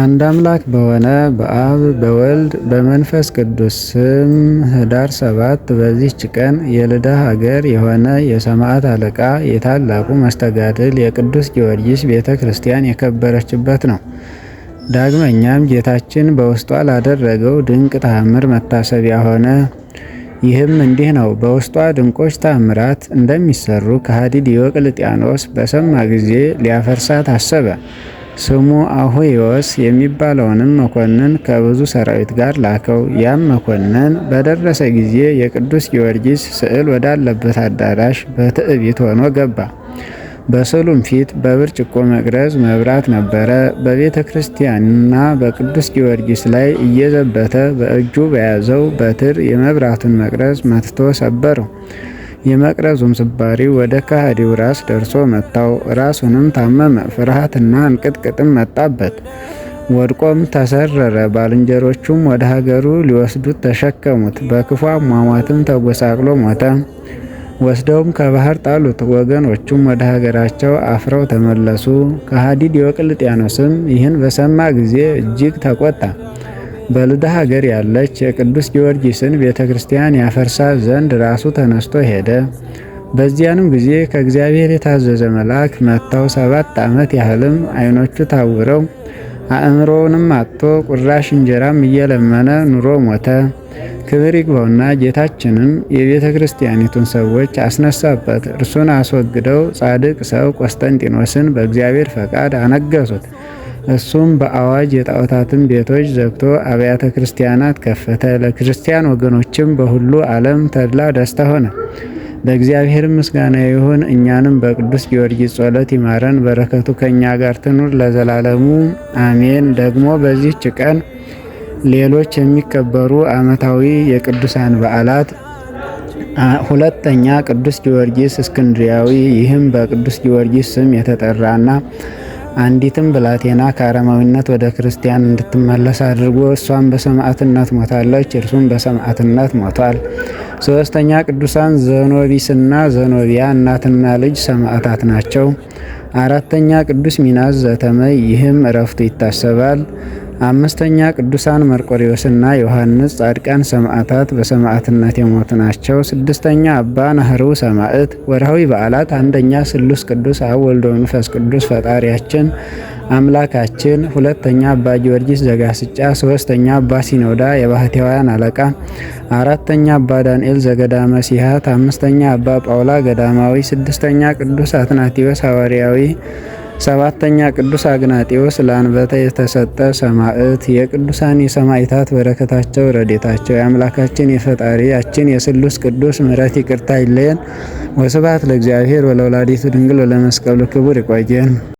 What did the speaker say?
አንድ አምላክ በሆነ በአብ በወልድ በመንፈስ ቅዱስ ስም ህዳር ሰባት በዚህች ቀን የልዳ ሀገር የሆነ የሰማዕት አለቃ የታላቁ መስተጋድል የቅዱስ ጊዮርጊስ ቤተ ክርስቲያን የከበረችበት ነው። ዳግመኛም ጌታችን በውስጧ ላደረገው ድንቅ ተአምር መታሰቢያ ሆነ። ይህም እንዲህ ነው። በውስጧ ድንቆች ታምራት እንደሚሰሩ ከሃዲ ዲዮቅልጥያኖስ በሰማ ጊዜ ሊያፈርሳት አሰበ። ስሙ አሁዮስ የሚባለውንም መኮንን ከብዙ ሰራዊት ጋር ላከው። ያም መኮንን በደረሰ ጊዜ የቅዱስ ጊዮርጊስ ስዕል ወዳለበት አዳራሽ በትዕቢት ሆኖ ገባ። በስዕሉም ፊት በብርጭቆ መቅረዝ መብራት ነበረ። በቤተ ክርስቲያንና በቅዱስ ጊዮርጊስ ላይ እየዘበተ በእጁ በያዘው በትር የመብራቱን መቅረዝ መትቶ ሰበረው። የመቅረዙም ስባሪ ወደ ከሃዲው ራስ ደርሶ መታው። ራሱንም ታመመ፣ ፍርሃትና እንቅጥቅጥም መጣበት። ወድቆም ተሰረረ። ባልንጀሮቹም ወደ ሀገሩ ሊወስዱት ተሸከሙት። በክፉ አሟሟትም ተጎሳቅሎ ሞተ። ወስደውም ከባህር ጣሉት። ወገኖቹም ወደ ሀገራቸው አፍረው ተመለሱ። ከሃዲ ዲዮቅልጥያኖስም ይህን በሰማ ጊዜ እጅግ ተቆጣ። በልዳ ሀገር ያለች የቅዱስ ጊዮርጊስን ቤተ ክርስቲያን ያፈርሳ ዘንድ ራሱ ተነስቶ ሄደ። በዚያንም ጊዜ ከእግዚአብሔር የታዘዘ መልአክ መጥተው ሰባት ዓመት ያህልም ዓይኖቹ ታውረው አእምሮውንም አጥቶ ቁራሽ እንጀራም እየለመነ ኑሮ ሞተ። ክብር ይግባውና ጌታችንም የቤተ ክርስቲያኒቱን ሰዎች አስነሳበት። እርሱን አስወግደው ጻድቅ ሰው ቆስጠንጢኖስን በእግዚአብሔር ፈቃድ አነገሱት። እሱም በአዋጅ የጣዖታትን ቤቶች ዘግቶ አብያተ ክርስቲያናት ከፈተ። ለክርስቲያን ወገኖችም በሁሉ ዓለም ተድላ ደስታ ሆነ። ለእግዚአብሔር ምስጋና ይሁን። እኛንም በቅዱስ ጊዮርጊስ ጸሎት ይማረን፣ በረከቱ ከእኛ ጋር ትኑር ለዘላለሙ አሜን። ደግሞ በዚህች ቀን ሌሎች የሚከበሩ ዓመታዊ የቅዱሳን በዓላት ሁለተኛ ቅዱስ ጊዮርጊስ እስክንድሪያዊ፣ ይህም በቅዱስ ጊዮርጊስ ስም የተጠራና አንዲትም ብላቴና ከአረማዊነት ወደ ክርስቲያን እንድትመለስ አድርጎ እሷም በሰማዕትነት ሞታለች፣ እርሱም በሰማዕትነት ሞቷል። ሶስተኛ ቅዱሳን ዘኖቢስና ዘኖቢያ እናትና ልጅ ሰማዕታት ናቸው። አራተኛ ቅዱስ ሚናስ ዘተመይ፣ ይህም እረፍቱ ይታሰባል። አምስተኛ ቅዱሳን መርቆሬዎስና ዮሐንስ ጻድቃን ሰማዕታት በሰማዕትነት የሞቱ ናቸው። ስድስተኛ አባ ናህሩ ሰማዕት። ወርሃዊ በዓላት አንደኛ ስሉስ ቅዱስ አብ ወልዶ መንፈስ ቅዱስ ፈጣሪያችን አምላካችን፣ ሁለተኛ አባ ጊዮርጊስ ዘጋስጫ፣ ሶስተኛ አባ ሲኖዳ የባህታውያን አለቃ፣ አራተኛ አባ ዳንኤል ዘገዳመ ሲሃት፣ አምስተኛ አባ ጳውላ ገዳማዊ፣ ስድስተኛ ቅዱስ አትናቲዮስ ሐዋርያዊ ሰባተኛ ቅዱስ አግናጢዎስ ለአንበተ የተሰጠ ሰማዕት። የቅዱሳን የሰማዕታት በረከታቸው ረዴታቸው የአምላካችን የፈጣሪያችን የስሉስ ቅዱስ ምሕረት ይቅርታ ይለየን። ወስብሐት ለእግዚአብሔር ወለወላዲቱ ድንግል ወለመስቀሉ ክቡር። ይቆየን።